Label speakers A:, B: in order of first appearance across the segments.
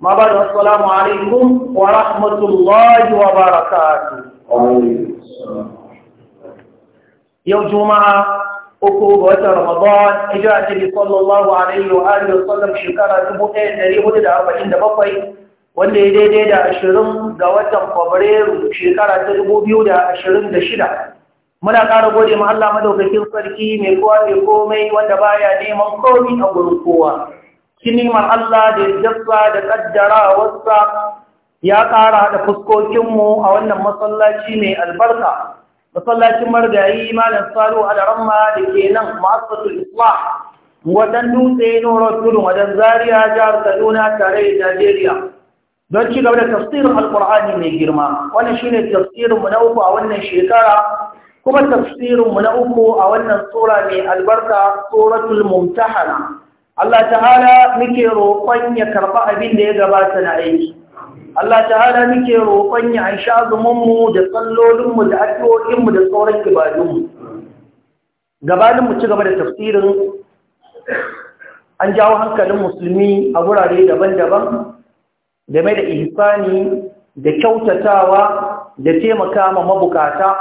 A: Juma'a, بعد السلام عليكم ورحمة الله وبركاته يوم جمعة أكوب وتر رمضان إجاء النبي صلى الله عليه وآله وسلم شكرا تبوتين نريه لدى أربعين bakwai, wanda ya daidai da ashirin ga watan fabrairu shekara ta dubu biyu da ashirin da shida muna ƙara gode ma Allah madaukakin sarki mai kowa mai komai wanda baya neman komi a gurin kowa kinimar Allah da ya yadda da wasa ya ƙara da fuskokinmu a wannan masallaci mai albarka masallacin margayi malam salu a da ke nan ma'asatul islam wadan dutse noro tudun dan zaria jihar kaduna tare da najeriya don ci gaba da tafsirin alkur'ani mai girma wannan shine tafsirinmu na uku a wannan shekara kuma tafsirinmu na uku a wannan sura mai albarka suratul mumtahana Allah ta'ala muke roƙon ya karɓa abin da ya gabata na aiki Allah ta'ala muke roƙon ya aisha zumunmu da tsallolinmu da addu'o'inmu da sauran ibadunmu gabanin mu ci gaba da tafsirin an jawo hankalin musulmi a wurare daban-daban game da ihsani da kyautatawa da taimaka ma mabukata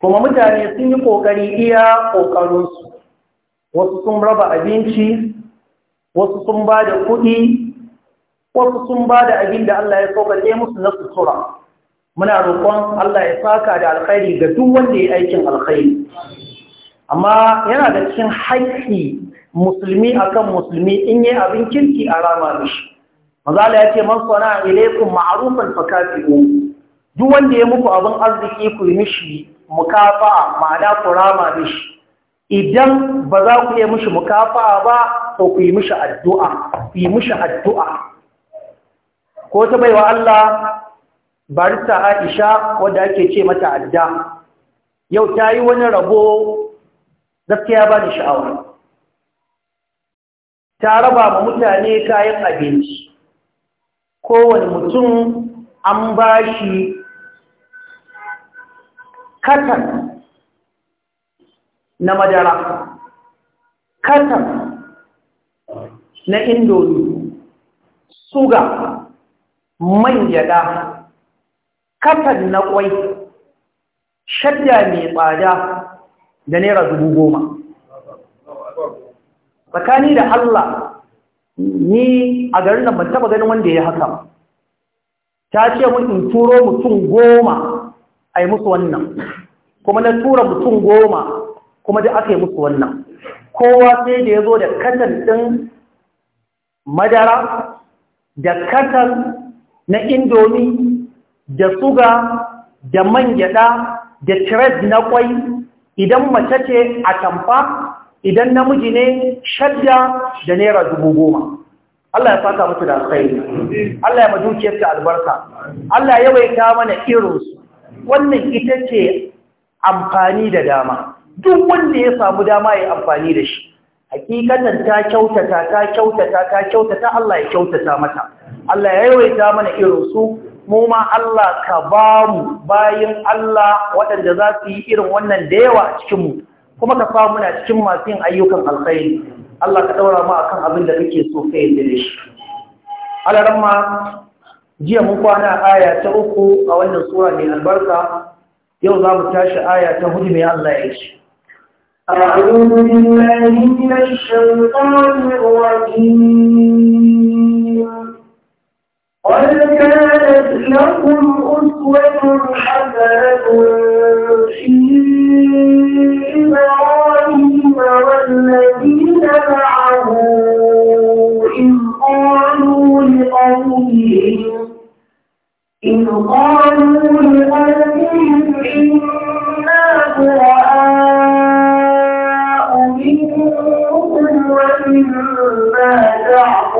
A: kuma mutane sun yi ƙoƙari iya ƙoƙarinsu wasu sun raba abinci wasu sun ba da kuɗi wasu sun ba da abin da Allah ya sauƙaƙe musu na sutura muna roƙon Allah ya saka da alkhairi ga duk wanda ya aikin alkhairi amma yana da cikin haƙƙi musulmi akan musulmi in yi abin kirki a rama mishi mazala ya ce man sana ilaikum ma'rufan fakafi'u duk wanda ya muku abin arziki ku yi mishi mukafa ma'ana ku rama mishi idan ba za ku yi mishi mukafa ba to ku yi mishi addu'a ku yi mishi addu'a ko ta baiwa Allah barista Aisha wadda ake ce mata adda yau ta yi wani rabo gaskiya ba ni sha'awa ta raba ma mutane kayan abinci kowane mutum an ba shi katan na madara katam na indomi suga man gyada katan na kwai shadda mai tsada da naira dubu goma tsakani da Allah ni a garin nan ban taba ganin wanda ya haka ta ce mun in turo mutum goma a yi musu wannan kuma na tura mutum goma kuma da aka yi musu wannan kowa sai da ya zo da katan ɗin madara da katan na indomi da suga da man gyaɗa da thread na kwai idan mace ce a tamfa idan namiji ne shadda da naira dubu goma Allah ya fata mutu da sai Allah ya madukiyar ta albarka Allah ya waita mana irinsu wannan ita ce amfani da dama duk wanda ya samu dama ya amfani da shi hakikatan ta kyautata ta kyautata ta kyautata Allah ya kyautata mata Allah ya yawaita mana irin su mu ma Allah ka ba mu bayin Allah waɗanda za su yi irin wannan da yawa a cikin mu kuma ka samu muna cikin masu yin ayyukan alkhairi Allah ka daura mu akan abin da kake so kai da shi ma, jiya mun kwana aya ta uku a wannan sura mai albarka yau za mu tashi aya ta hudu mai Allah ya yi. أعوذ
B: بالله من الشيطان الرجيم قد كانت لكم أسوة حسنة في إبراهيم والذين معه إذ قالوا لقومهم إذ قالوا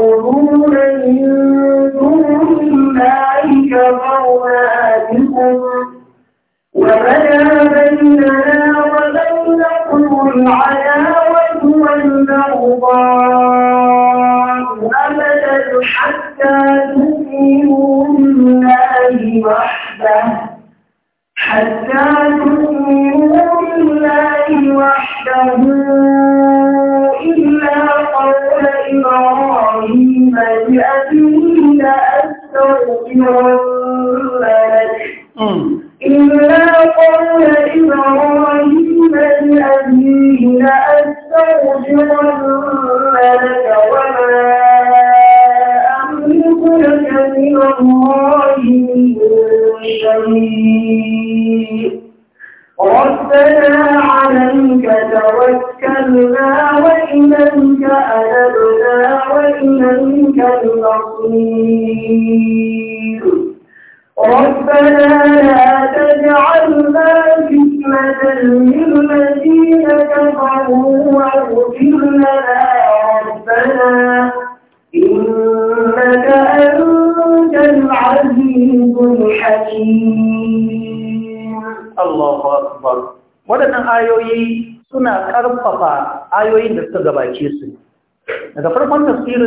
B: يعبدون من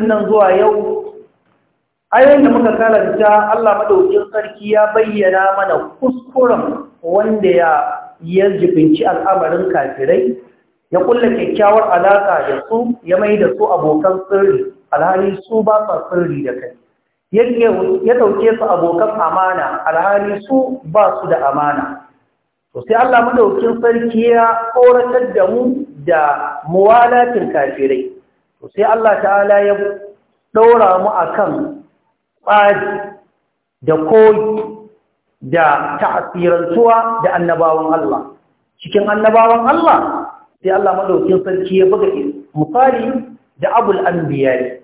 A: tafsirin nan zuwa yau ayoyin da muka karanta Allah madaukin sarki ya bayyana mana kuskuren wanda ya ya jibinci al'amarin kafirai ya kulla kyakkyawar alaƙa da su ya mai da su abokan sirri alhali su ba sa sirri da kai ya dauke su abokan amana alhali su ba su da amana to sai Allah madaukin sarki ya koratar da mu da muwalatin kafirai sai Allah ta'ala ya ɗora mu akan ɓaji da koyi da ta'asirantuwa da annabawan Allah cikin annabawan Allah sai Allah madaukin sarki ya buga misali da abul anbiya'i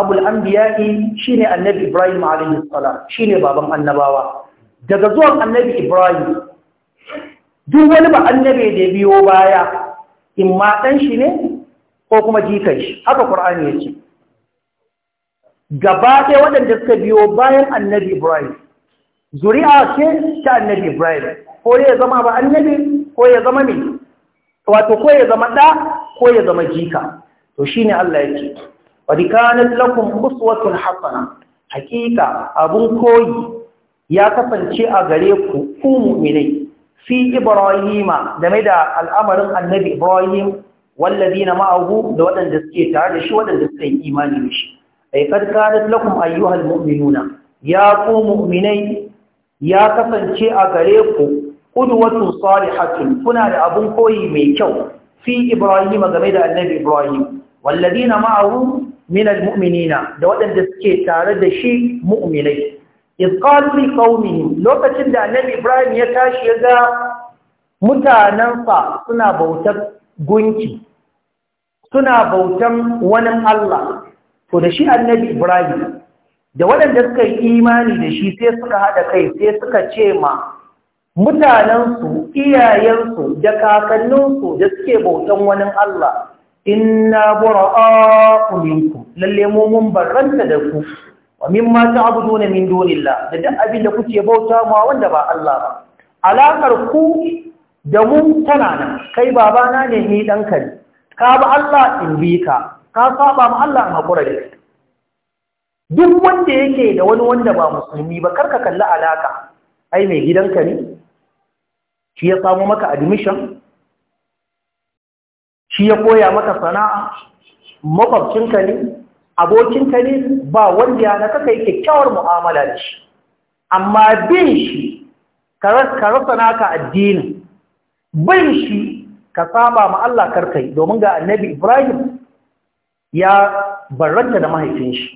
A: abul anbiya'i shine annabi Ibrahim alayhi salam shine baban annabawa daga zuwan annabi Ibrahim duk wani ba annabi da biyo baya imma dan shi ne ko kuma jikan shi haka Qur'ani yake gaba ɗaya waɗanda suka biyo bayan annabi Ibrahim zuri'a ce ta annabi Ibrahim ko ya zama ba annabi ko ya zama ne wato ko ya zama ɗa ko ya zama jika to shine Allah ya ce wadikanin lakun uswatun hasana hakika abun koyi ya kasance a gare ku ku mu'minai fi da mai da al'amarin annabi Ibrahim na معه da waɗanda suke tare da shi waɗanda suka yi imani da shi ay kad lakum ayyuhal mu'minuna ya ku mu'minai ya kasance a gare ku qudwatun salihatun kuna da abun koyi mai kyau fi ibrahim game da annabi ibrahim walladina ma'ahu min almu'minina da waɗanda suke tare da shi mu'minai iz qalu li qaumihim lokacin da annabi ibrahim ya tashi ya ga mutanansa suna bautar gunki suna bautan wani Allah to da shi annabi Ibrahim da waɗanda suka yi imani da shi sai suka haɗa kai sai suka ce ma mutanensu iyayensu da kakanninsu da suke bautan wani Allah inna bura'a'u minkum lalle mu barranta da ku wa mimma na min dunillah da duk abin da kuke bauta ma wanda ba Allah ba alakar ku da mu tana nan kai babana ne ni danka ka ba Allah in bi ka ka saba ma Allah in haƙura da duk wanda yake da wani wanda ba musulmi ba karka kalli alaka ai mai gidanka ne shi ya samu maka admission shi ya koya maka sana'a makwabcinka ne abokinka ne ba wanda ya naka kai kyakkyawar mu'amala da shi amma bin shi ka rasa naka addinin bin shi ka saba ma Allah karkai domin ga annabi Ibrahim ya barranta da mahaifin shi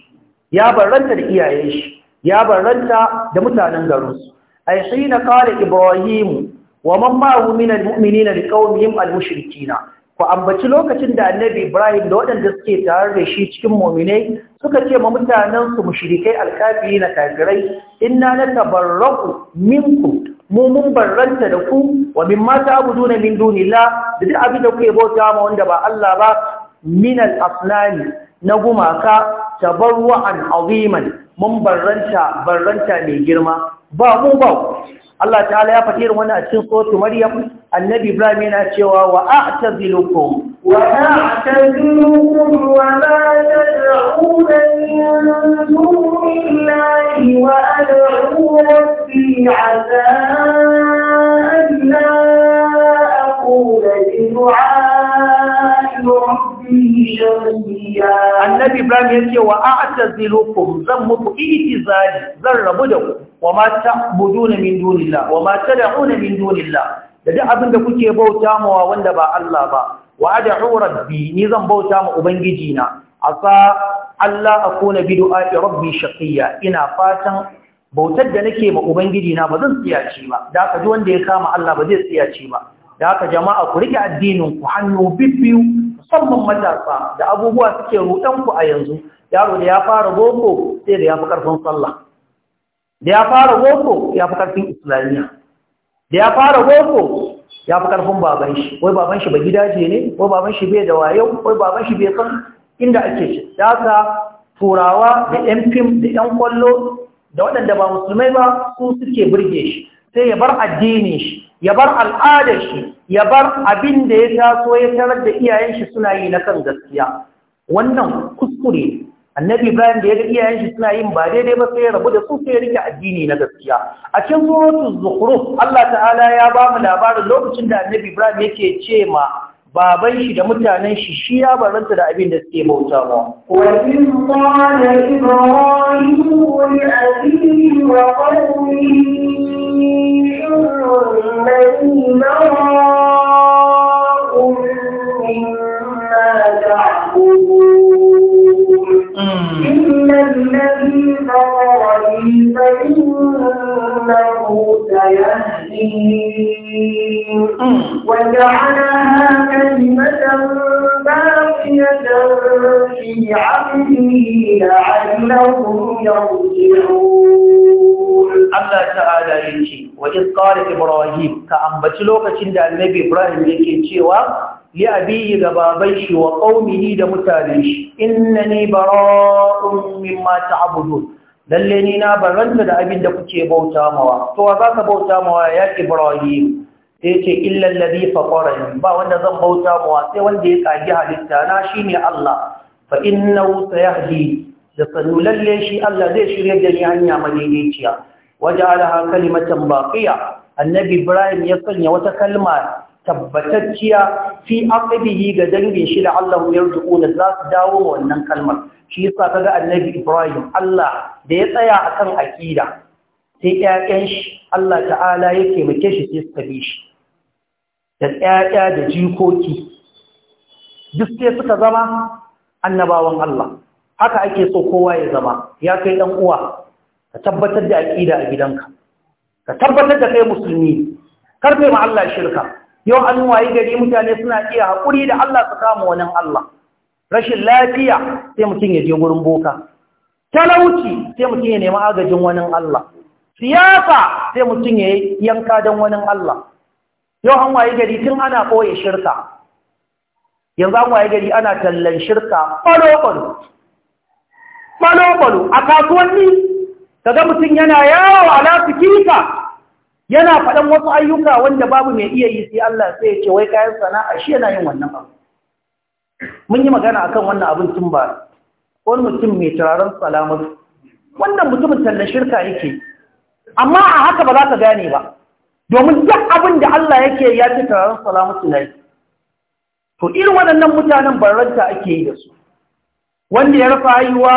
A: ya barranta da iyayen shi ya barranta da mutanen garinsu ay na kare Ibrahim wa man ma'ahu min al-mu'minina liqaumihim al-mushrikina ku ambaci lokacin da annabi Ibrahim da waɗanda suke tare da shi cikin mu'minai suka ce ma mutanen su mushrikai al-kafirina kafirai inna natabarra'u minkum mu mun barranta da ku wa mimma ta'buduna min dunillah da duk abin da kuke bauta ma wanda ba Allah ba min al-asnani na gumaka tabarru'an aziman mun barranta barranta mai girma ba mu ba Allah ta'ala ya faɗi irin wannan a cikin suratul Maryam annabi Ibrahim yana cewa wa a'tazilukum
B: wa a'tazilukum wa la tad'una min dunillahi wa ad'u rabbi 'asa an la
A: aqula bi du'a'i rabbi shay'a annabi Ibrahim ya yace wa a'tazilukum zan muku itizali zan rabu da ku wa ma ta'buduna min dunillah min da duk abin da kuke bauta mawa wanda ba Allah ba wa ad'u rabbi ni zan bauta ma ubangiji na asa Allah akuna bi du'a'i rabbi ina fatan bautar da nake ma ubangiji na ba zan tsiyaci ba da haka ji wanda ya kama Allah ba zai tsiyaci ba da haka jama'a ku rike addinin ku hannu bibbiyu musamman matasa da abubuwa suke rudan ku a yanzu yaro da ya fara boko sai da ya fi karfin sallah da ya fara goko ya fi karfin islamiyya da ya fara goko ya fi karfin baban shi wai baban shi ba gidaje ne wai baban shi bai da wayo wai baban shi bai san inda ake shi da aka turawa da yan fim da yan kwallo da waɗanda ba musulmai ba su suke burge shi sai ya bar addinin shi ya bar al'adar shi ya bar abin da ya taso ya tarar da iyayen shi suna yi na kan gaskiya wannan kuskure annabi ibrahim da ya ga iyayen shi suna yin ba daidai ba sai ya rabu da su sai ya rike addini na gaskiya a cikin suratul zukhruf Allah ta'ala ya ba mu labarin lokacin da annabi ibrahim yake ce ma baban shi da mutanen shi shi ya baranta da abin da suke bauta ba
B: wa in qala ibrahim li abihi wa qawmihi da
A: Allah ta'ala yake wa iskari Ibrahim ka ambaci lokacin da annabi Ibrahim yake cewa ya abihi ga baban shi wa ƙaunini da mutane shi innani bara'un mata ta'budun lalle ni na baranta da abin da kuke bauta mawa to wa zaka bauta mawa ya ibrahim sai ce illa alladhi ba wanda zan bauta mawa sai wanda ya kaji halitta na ne Allah fa innahu sayahdi da sanu lalle shi Allah zai shirya da ni hanya Waje alaha kalimatan baqiya annabi ibrahim ya sanya wata kalma tabbatacciya fi aqibihi ga dangin shi da Allah yarzuquna za su dawo wa wannan kalmar shi yasa kaga annabi Ibrahim Allah da ya tsaya akan aqida sai ƴaƴan shi Allah ta'ala yake muke shi sai suka bi shi da ƴaƴa da jikoki duk sai suka zama annabawan Allah haka ake so kowa ya zama ya kai dan uwa ka tabbatar da aqida a gidanka ka tabbatar da kai musulmi karfe ma Allah shirka yau an wayi gari mutane suna iya haƙuri da Allah su kama wani Allah rashin lafiya sai mutum ya je wurin boka talauci sai mutum ya nemi agajin wani Allah siyasa sai mutum ya yanka don wani Allah yau an wayi gari tun ana ɓoye shirka yanzu an wayi gari ana tallan shirka ɓalo-ɓalo ɓalo-ɓalo a kasuwanni ga mutum yana yawo a lafikika yana faɗan wasu ayyuka wanda babu mai iya yi sai Allah sai ya ce wai kayan sana'a shi yana yin wannan abu mun yi magana a kan wannan abin tun ba wani mutum mai turaren salamatu wannan mutumin tallan shirka yake amma a haka ba za ka gane ba domin duk abin da Allah yake ya ce turaren salamatu na yi to irin waɗannan mutanen barranta ake yi da su wanda ya rasa haihuwa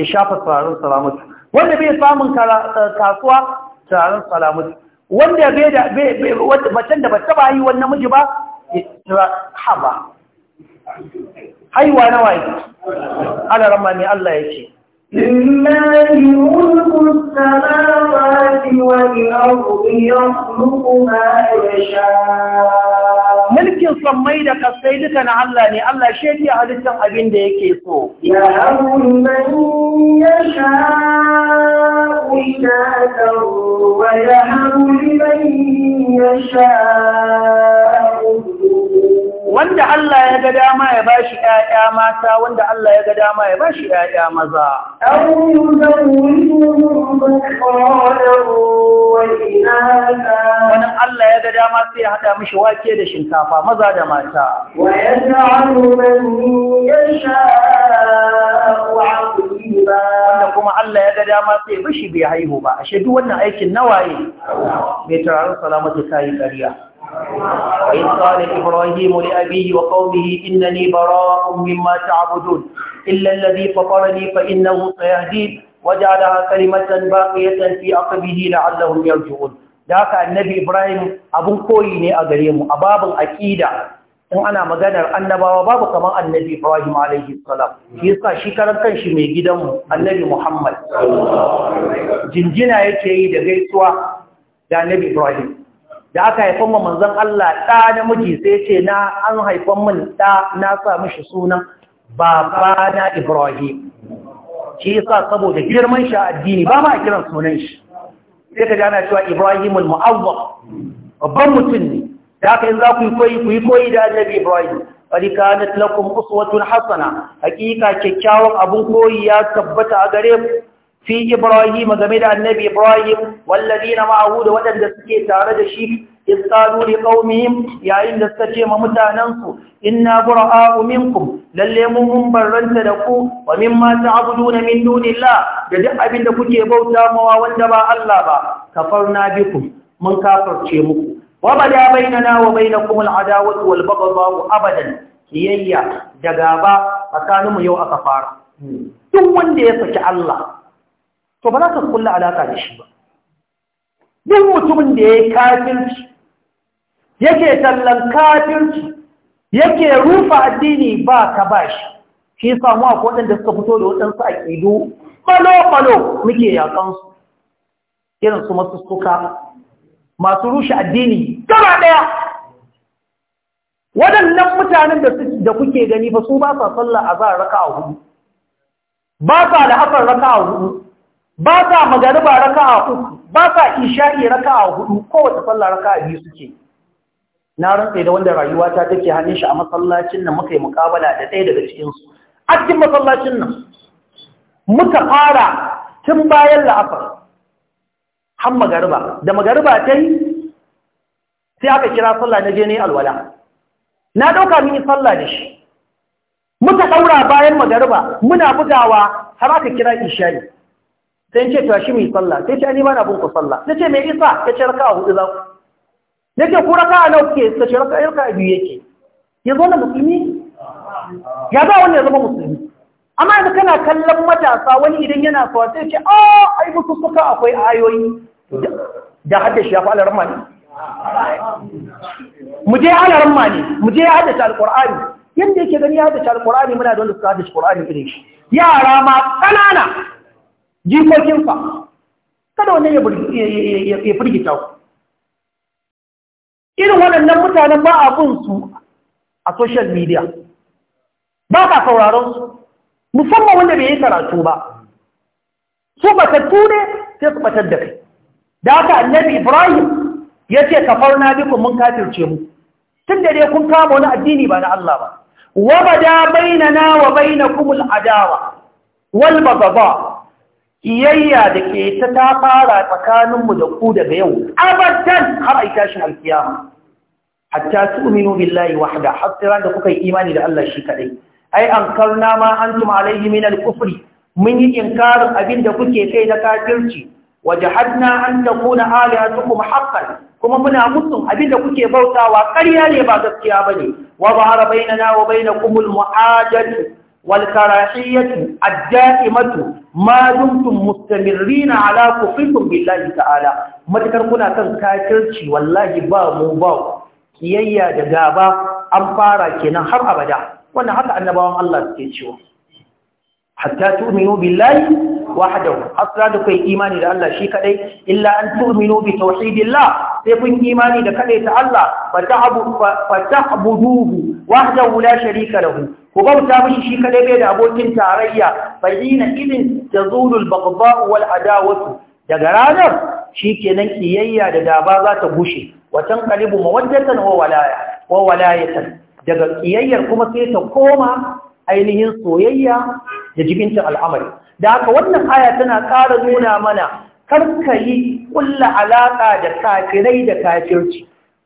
A: ya shafa turaren salamatu wanda bai samun kasuwa turaren salamu wanda bai da macen da ba taba yi wani namiji ba ya tura haba haiwa na waye alaramma ne Allah ya ce لله ملك
B: السماوات والأرض يخلق ما يشاء ملك sammai da kasai duka na Allah ne Allah shi yake halittar abin da yake so ya hamun man yasha ulata wa ya hamun man yasha
A: wanda Allah ya ga dama ya bashi ƴaƴa mata wanda Allah ya ga dama ya shi ƴaƴa maza aw yuzawwijuhum dhikran Allah ya ga dama sai ya haɗa mishi wake da shinkafa maza da mata wa yaj'alu man yasha'u wanda kuma Allah ya ga dama sai bishi bai haihu ba ashe duk wannan aikin nawaye mai tararar salamatu kayi ƙarya وإذ قال إبراهيم لأبيه وقومه إنني براء مما تعبدون إلا الذي فطرني فإنه سيهدين وجعلها كلمة باقية في عقبه لعلهم يرجعون ذاك النبي إبراهيم أبو كويني أغريم أباب الأكيدة in ana maganar annabawa babu kamar annabi Ibrahim alaihi salam shi yasa shi karan kanshi mai gidanmu annabi Muhammad jinjina yake yi da gaisuwa da annabi Ibrahim da aka haifan ma manzon Allah ɗa namiji sai ce na an haifan min ɗa na sa mishi sunan babana Ibrahim shi yasa saboda girman shi addini ba ma kiran sunan shi sai ka jana cewa Ibrahim al-Mu'awwaq babban mutum ne da aka yin za ku yi koyi ku yi koyi da Annabi Ibrahim qad kanat lakum uswatun hasana hakika kyakkyawan abun koyi ya tabbata a gare mu. fi Ibrahim game da annabi Ibrahim wallazina ma'ahu da waɗanda suke tare da shi isqalu liqaumihim yayin da suka ce ma mutanansu inna bura'a'u minkum lalle mun mun barranta da ku wa mimma ta'buduna min dunillah da duk abin da kuke bauta mawa wanda ba Allah ba kafarna bikum mun kafarce muku wa bada bainana wa bainakum al'adawatu wal baghdha abadan kiyayya da gaba tsakaninmu yau aka fara duk wanda ya saki Allah to ba za ka kulla alaƙa da shi ba duk mutumin da ya yi kafirci yake tallan kafirci yake rufa addini ba ka ba shi shi samu a kodin da suka fito da waɗansu a ƙidu falo-falo muke yaƙansu irin su masu suka masu rushe addini gaba ɗaya waɗannan mutanen da kuke gani ba su ba sa sallar a zan raka a hudu ba sa da hafar raka a hudu ba sa magariba a uku ba sa isha'i a hudu kowace sallah a biyu suke na rantsa da wanda rayuwa ta take hannun shi a masallacin nan muka yi mukabala da ɗaya daga cikin su a cikin masallacin nan muka fara tun bayan la'afar har magariba da magariba ta yi sai aka kira sallah na je alwala na ɗauka mini sallah da shi muka ɗaura bayan magariba muna bugawa har aka kira ishari sai ce to shi mu yi sallah sai ce ni ma na bin ku sallah sai ce me isa ya ce raka'a hudu za ku ya ce ku raka'a nawa kuke sai ce raka'a raka'a biyu yake ya zo na musulmi ya za wanda ya zama musulmi amma yanzu kana kallon matasa wani idan yana so sai ce a ah, ai musu suka akwai ayoyi da hadda shi ya fi alaran ne.
B: mu je alaran
A: ne mu je ya haddace alqur'ani yanda yake gani ya haddace alqur'ani muna da wanda suka haddace alqur'ani irin shi yara ma kanana jikokinsa kada wannan ya firgita ku irin waɗannan mutanen ba abin su a social media ba ka sauraron su musamman wanda bai yi karatu ba su batattu ne sai su batar da kai da haka annabi ibrahim ya ce kafar na biku mun kafirce mu tun da dai kun kama wani addini ba na Allah ba wa bada bainana wa bainakumul adawa wal bagaba kiyayya da ke ta ta fara tsakaninmu da ku daga yau abadan har a tashin alkiyama hatta tu'minu billahi wahda har da kuka yi imani da Allah shi kadai ai an karna ma antum alaihi min al-kufri mun yi inkarin abin da kuke kai na kafirci wajahadna an takuna alihatukum haqqan kuma muna mutum abin da kuke bautawa ƙarya ne ba gaskiya bane wa bahara bainana wa kumul muhajatu wal karahiyatu ad-da'imatu ma dumtum mustamirrina ala kufrikum billahi ta'ala matakar kuna kan kafirci wallahi ba mu ba kiyayya da gaba an fara kenan har abada wannan haka annabawan Allah suke cewa hatta tu'minu billahi wahdahu asra da kai imani da Allah shi kadai illa an tu'minu bi tauhidillah sai kun imani da kadai ta Allah fa ta'budu wahdahu la sharika lahu ku bauta mishi shi kadai bai da abokin tarayya bayyana idin tazulul baghdha wal adawatu daga ranar shikenan kiyayya da daba za ta gushe wa tanqalibu mawaddatan wa walaya wa walayatan daga kiyayyar kuma sai ta koma ainihin soyayya da jibincin al'amari da haka wannan aya tana ƙara nuna mana karkayi kulla alaƙa da kafirai da kafirci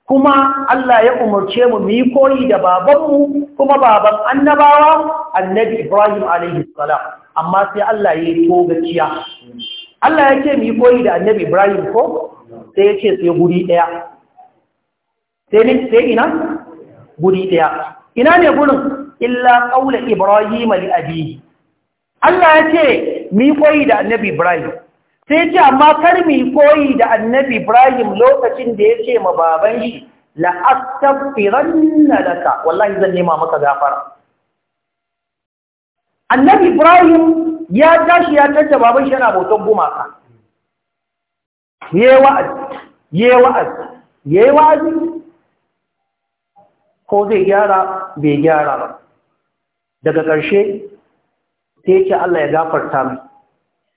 A: kuma Allah ya umarce mu mu yi koyi da babanmu kuma baban annabawa annabi Ibrahim alaihi salam amma sai Allah ya yi togaciya Allah ya ce mu yi koyi da annabi Ibrahim ko sai ya ce sai guri ɗaya sai ne sai ina guri ɗaya ina ne gurin illa qaula Ibrahim li abi Allah ya ce mu yi koyi da annabi Ibrahim sai ce amma kar mu koyi da annabi Ibrahim lokacin da ya ce ma baban shi la astaghfiranna wallahi zan nema maka gafara annabi Ibrahim ya tashi ya tace baban shi yana bautan gumaka yayi wa'azi yayi wa'azi yayi wa'azi ko zai gyara bai gyara ba daga ƙarshe sai ce Allah ya gafarta mai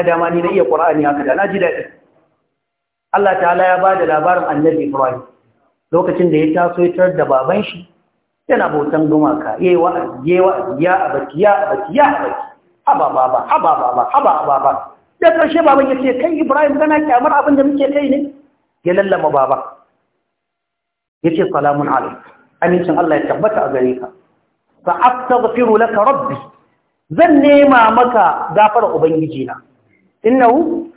A: ya dama ni na iya ƙura'ani haka da na ji daɗi Allah ta'ala ya bada labarin Annabi Ibrahim lokacin da ya taso ya tar da baban shi yana bautan gumaka yayi wa'azi yayi wa'azi ya baki ya baki, ya baki haba baba haba baba haba baba da karshe baban ya ce kai Ibrahim kana kyamar abin da muke kai ne ya lallama baba ya ce salamun alaik amincin Allah ya tabbata a gare ka fa astaghfiru laka rabbi zan nema maka gafara ubangiji na innahu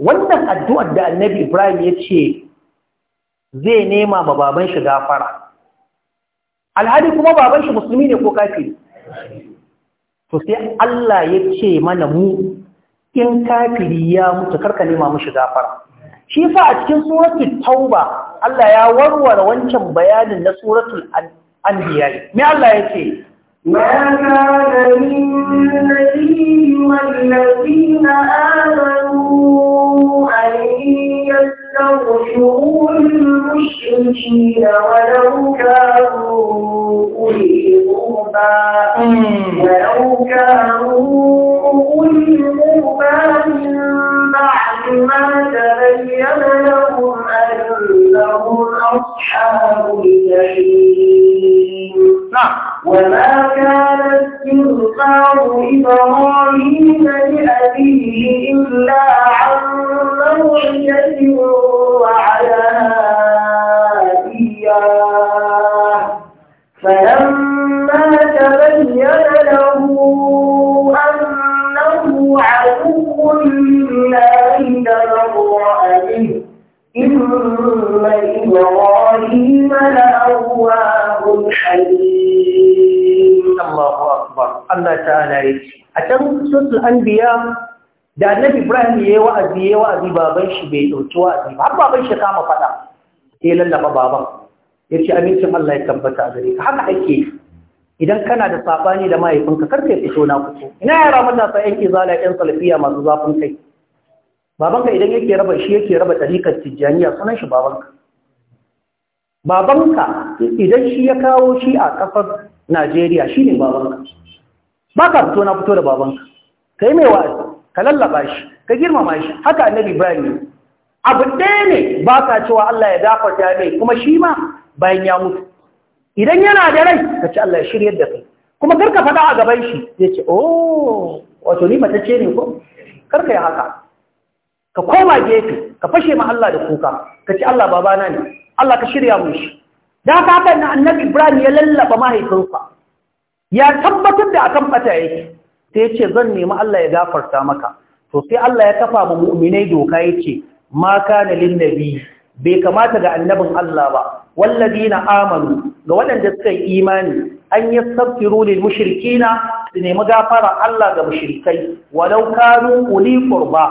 A: wannan addu'ar da annabi ibrahim ya ce zai nema ma baban shi gafara alhali kuma baban shi musulmi ne ko kafiri to sai Allah ya ce mana mu in kafiri ya mutu karka nema mishi gafara shi fa a cikin suratul tauba Allah ya warware wancan bayanin na suratul anbiya me Allah ya ce ما
B: كان للنبي والذين آمنوا تستغفروا للمشركين ولو كانوا أولي قربى ولو كانوا أولي قربى من بعد ما تبين لهم أنهم أصحاب الجحيم نعم وما كان استغفار إبراهيم لأبيه إلا عن موعدة Allah
A: ta'ala ya ce, A can sosul an biya da annabi ibrahim ya yi wa'azi ya yi wa'azi baban shi bai ɗauki wa'azi ba har baban shi kama faɗa ya lallaba baban ya ce amincin allah ya tabbata gare ka haka ake yi idan kana da saɓani da mahaifinka kar ka fito na fito ina yara sa yan izala yan salafiya masu zafin kai babanka idan yake raba shi yake raba tarikar tijjaniya sunan shi babanka babanka idan shi ya kawo shi a ƙasar najeriya shi ne babanka ba ka fito na fito da babanka kai mai wa'azi ka lallaba shi ka girmama shi haka annabi ibrahim abu ɗaya ne ba ka cewa Allah ya gafarta mai kuma shi ma bayan ya mutu idan yana da rai ka ci Allah ya shiryar da kai kuma karka faɗa a gaban shi Ya ce o oh, wato ni mata ce ne ko karka yi haka ka koma gefe ka fashe ma Allah da kuka ka ci Allah babana ne Allah ka shirya mu shi da haka na annabi Ibrahim ya lallaba mahaifinsa ya tabbatar da akan fata yake sai ce zan nemi Allah ya gafarta maka to sai Allah ya kafa ma mu'minai doka yace ma kana lin nabi bai kamata ga annabin Allah ba walladina amanu ga waɗanda suka yi imani an yastaghfiru lil mushrikina su nemi gafara Allah ga mushrikai walau kanu uli qurba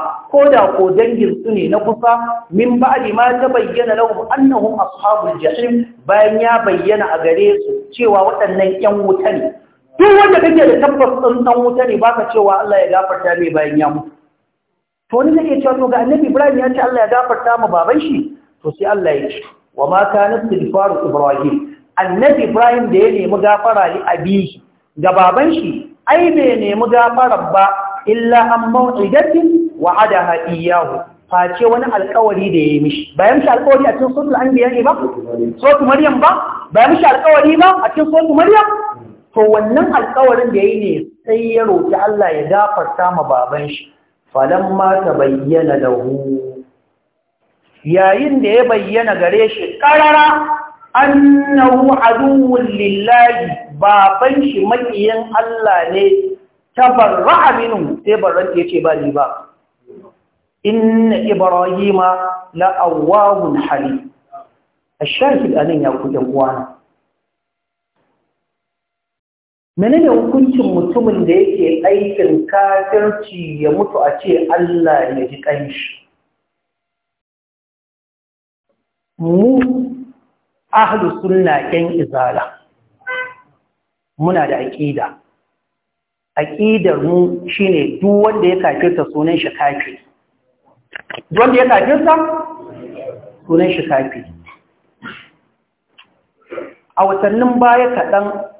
A: da ko dangin su ne na kusa min ba'di ma tabayyana lahum annahum ashabul jahim bayan ya bayyana a gare su cewa waɗannan ƴan wuta ne duk wanda kake da tabbas ɗin ɗan wuta ne baka cewa Allah ya gafarta mai bayan ya mutu to wani zai cewa to ga annabi Ibrahim ya ce Allah ya gafarta ma baban shi to sai Allah ya ce wa ma kana istighfaru Ibrahim annabi Ibrahim da ya nemi gafara li abihi ga baban shi ai bai nemi gafara ba illa an wa adaha iyyahu face wani alkawari da ya yi mishi Ba ya mishi alkawari a cikin suratul anbiya ne ba suratul maryam ba Ba ya mishi alkawari ba a cikin suratul maryam to wannan alkawarin da yayi ne sai ya roki Allah ya gafarta ma baban shi falamma bayyana lahu yayin da ya bayyana gare shi karara annahu aduwwul lillahi baban shi makiyin Allah ne tabarra'a minhu sai barran yace ba ni ba inna ibrahima la awwahun halim الشاهد anan ya kuɗin uwana menene hukuncin mutumin da yake aikin kafirci ya mutu a ce Allah ya ji ƙanshi mu ahlu sunna yan izala muna da aƙida. Aƙidar mu shine duk wanda ya kafirta sunan shi kafi wanda ya kafirta sunan shi kafi a watannin baya kaɗan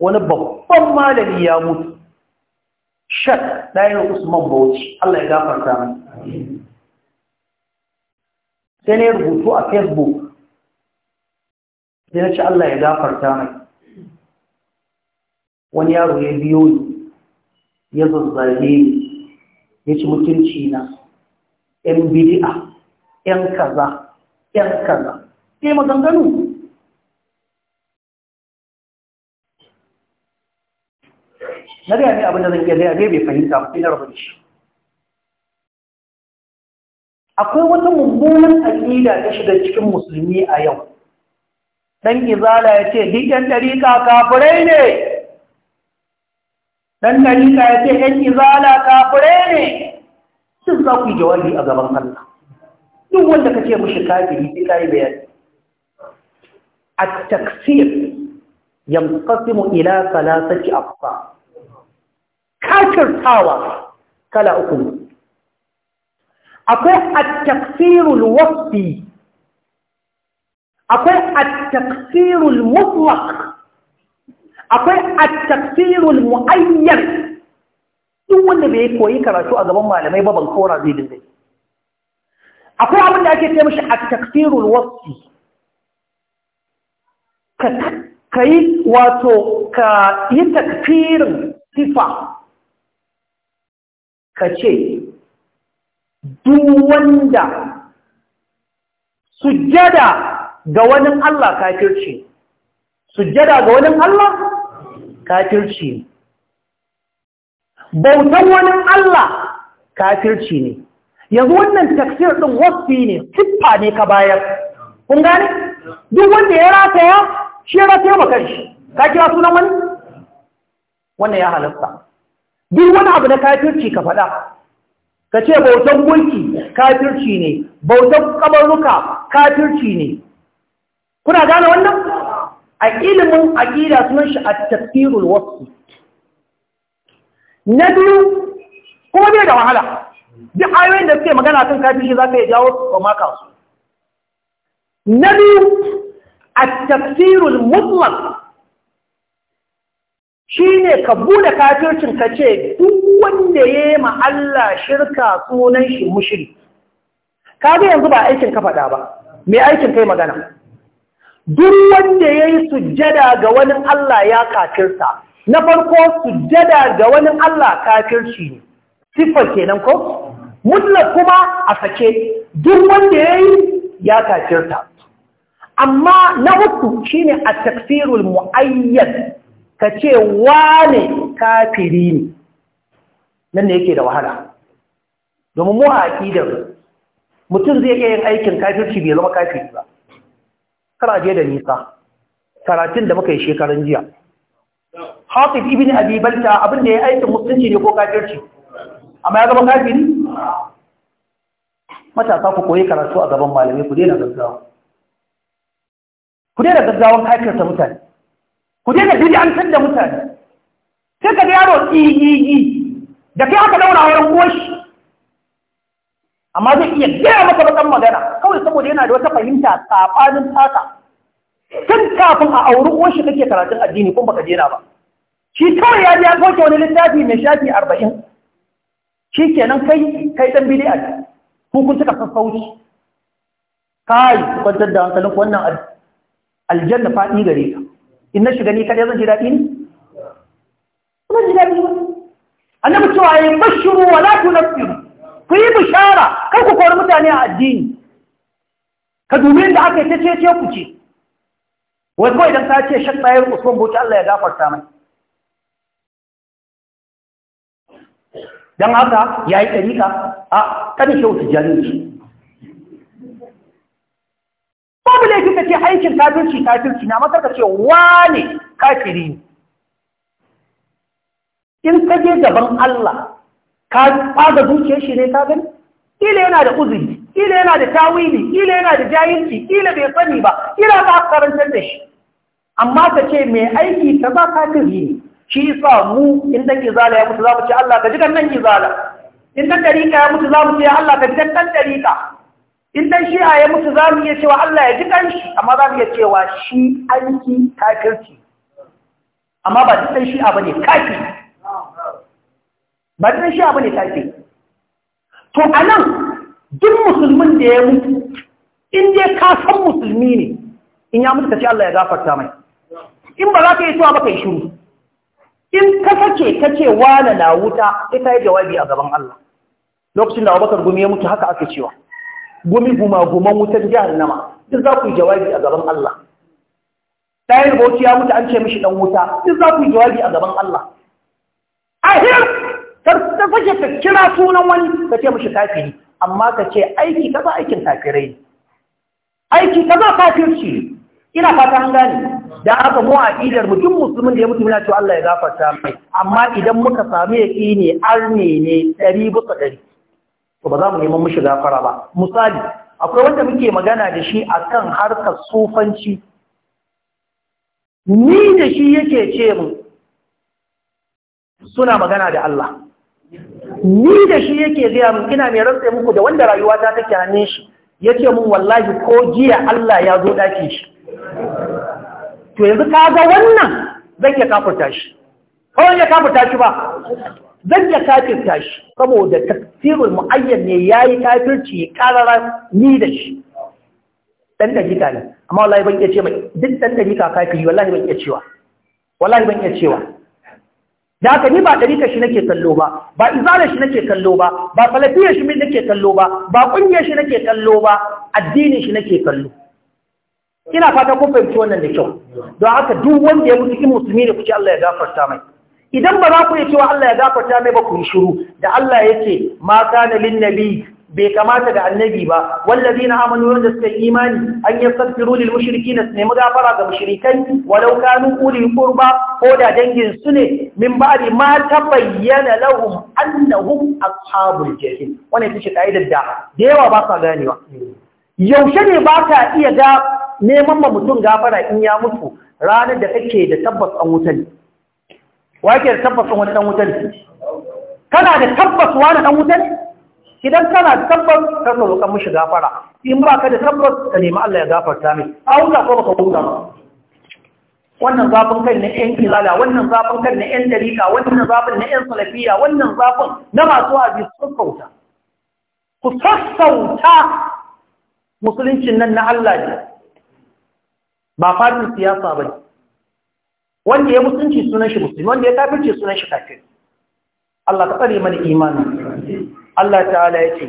A: wani babban malami ya mutu shak ɗayan usman bauchi allah ya gafarta mai sai na rubutu a facebook sai na ci allah ya gafarta mai wani yaro ya biyo ni ya zazzare ni ya ci mutunci na yan bidi'a yan kaza yan kaza ke maganganu shari'a ne abin da zan iya gaya ne bai fahimta ba sai na rabu da shi akwai wata mummunan aƙida ta shiga cikin musulmi a yau dan izala ya ce duk yan ɗariƙa kafirai ne dan ɗariƙa ya ce yan izala kafirai ne sun za ku yi jawabi a gaban Allah duk wanda ka ce mushi kafiri sai kai yi bayani a taksir yanqasimu ila a kusa. kafirtawa kala uku akwai at-takfirul wasfi akwai at-takfirul mutlaq akwai at-takfirul muayyan duk wanda bai koyi karatu a gaban malamai ba ban kora zai dinga akwai abin da ake ce mishi at-takfirul wasfi ka yi wato ka yi takfirin sifa ka ce duk wanda sujjada ga wani Allah kafirci sujjada ga wani Allah kafirci bautan wani Allah kafirci ne yanzu wannan taksir ɗin wasfi ne siffa ne ka bayar kun gane duk wanda ya rataya shi ya rataya makan shi ka kira sunan wani wannan ya halatta duk wani abu na kafirci ka faɗa ka ce bautan gunki kafirci ne bautan kabaruka kafirci ne kuna gane wannan a ilimin aƙida sunan shi a tafsirul wasu na biyu kuma ne da wahala duk ayoyin da suke magana kan kafirci za ka yi jawo su maka su na biyu a tafsirul mutlaq shi ne ka buɗe kafircin ka ce duk wanda ya yi Allah shirka sunan shi mushiri ka ga yanzu ba aikin ka faɗa ba mai aikin kai magana duk wanda ya yi sujjada ga wani Allah ya kafirta na farko sujjada ga wani Allah kafirci ne siffar kenan ko mutlak kuma a sake duk wanda ya yi ya kafirta amma na uku shine a takfirul mu'ayyad ka ce wane kafiri ne nan ne yake da wahala domin mu a aƙidar mutum zai iya yin aikin kafirci bai zama kafiri ba karaje da nisa karatun da muka yi shekarun jiya hafiz ibn abi balta abin da ya aikin musulunci ne ko kafirci amma ya zama kafiri matasa ku koyi karatu a gaban malamai ku daina gaggawa ku daina gaggawan kafirta mutane ku je da bid'antar da mutane sai ka ga yaro ƙiƙiƙi da kai aka daura wurin koshi amma zai iya gaya maka bakan magana kawai saboda yana da wata fahimta tsafanin taka tun kafin a auri koshi kake karatun addini kuma baka jera ba shi kawai ya ya soke wani littafi mai shafi arba'in shi kenan kai kai dan bidi'a ne hukun suka sassauci kai kwantar da hankalin wannan aljanna faɗi gare ka in na shiga ni kada zan ji daɗi ne zan ji daɗi ba annabi cewa ya bashiru wa la tunaffiru ku yi bishara kai ku kori mutane a addini ka dubi inda aka yi ta ce ku ce wai kawai idan ka ce shan tsayar usman bauchi Allah ya gafarta mai don haka ya yi ɗarika a ƙanin shehu tijjani babu laifin ka ce aikin kafirci kafirci na matar ka ce wane kafiri in ka je gaban Allah ka tsaga zuciya shi ne ka gani ila yana da uzuri ila yana da tawili ila yana da jahilci ila bai sani ba ila ba karantar da shi amma ka ce mai aiki ta ba kafiri ne shi isa mu in dan izala ya mutu za mu ce Allah ka ji kan nan izala in dan dariƙa ya mutu za mu ce Allah ka ji kan tarika dariƙa in dan shi'a ya mutu za mu iya cewa Allah ya ji shi amma za mu iya cewa shi aiki kafirci amma ba dan shi'a bane kafi ba dan shi'a bane kafi to anan duk musulmin da ya mutu in dai ka san musulmi ne in ya mutu ka ce Allah ya gafarta mai in ba za ka yi cewa ba ka yi shiru in ka sace ka ce wala na wuta ita yi jawabi a gaban Allah lokacin da Abubakar gumi ya mutu haka ake cewa gumi gumaguman wutar jahannama duk za ku yi jawabi a gaban Allah ɗayan bauchi ya mutu an ce mishi ɗan wuta duk za ku yi jawabi a gaban Allah ahir ta sake ta kira sunan wani ka ce mishi kafiri amma ka ce aiki za aikin kafirai aiki za kafirci ina fata an gane da aka mu aqidar mu duk musulmin da ya mutu muna cewa Allah ya gafarta mai amma idan muka samu yaqini arne ne ɗari bisa ɗari. to ba za mu neman mushi gafara ba misali akwai wanda muke magana da shi akan harkar sufanci ni da shi yake ce mu suna magana da Allah ni da shi yake gaya mu ina mai rantsa muku da wanda rayuwa ta take hannun shi yace mun wallahi ko jiya Allah ya zo daki shi to yanzu kaga wannan zan ya kafurta shi ko ya kafurta shi ba zan ya kafirta shi saboda tafsirul mu'ayyan ne yayi kafirci karara ni da shi dan da jika ne amma wallahi ban iya ce mai duk dan da jika kafiri wallahi ban iya cewa wallahi ban iya cewa da haka ni ba ɗarika shi nake kallo ba ba izala shi nake kallo ba ba salafiyar shi nake kallo ba ba ƙungiyar shi nake kallo ba addinin shi nake kallo ina fata kun fahimci wannan da kyau don haka duk wanda ya mutu in musulmi ne kuce Allah ya gafarta mai idan ba za ku yi cewa Allah ya gafarta mai ba ku yi shiru da Allah ya ce ma kana lin nabi bai kamata ga annabi ba wallazi na amanu wanda suka yi imani an yi sassiru lil mushriki na su nemi gafara ga mushrikai walau kanu uli qurba ko da dangin su ne min ba'di ma tabayyana lahum annahum ashabul jahim wannan ita ce kaidar da da yawa ba sa ganewa yaushe ne ba ka iya ga neman ma mutum gafara in ya mutu ranar da kake da tabbas an wuta wake tabbas wani dan wutar ne kana da tabbas wani dan wutar ne idan kana da tabbas ka zo ka mushi gafara in ba ka da tabbas ka nemi Allah ya gafarta mai a huta ko baka huta ba wannan zafin kai na yan kilala wannan zafin kai na yan dalika wannan zafin na yan salafiya wannan zafin na masu wazi su sassauta ku sassauta musuluncin nan na Allah ne ba fadin siyasa ba ne wanda ya mutunci sunan shi musulmi wanda ya kafirce sunan shi kafir Allah ka tsare mana imani Allah ta'ala yake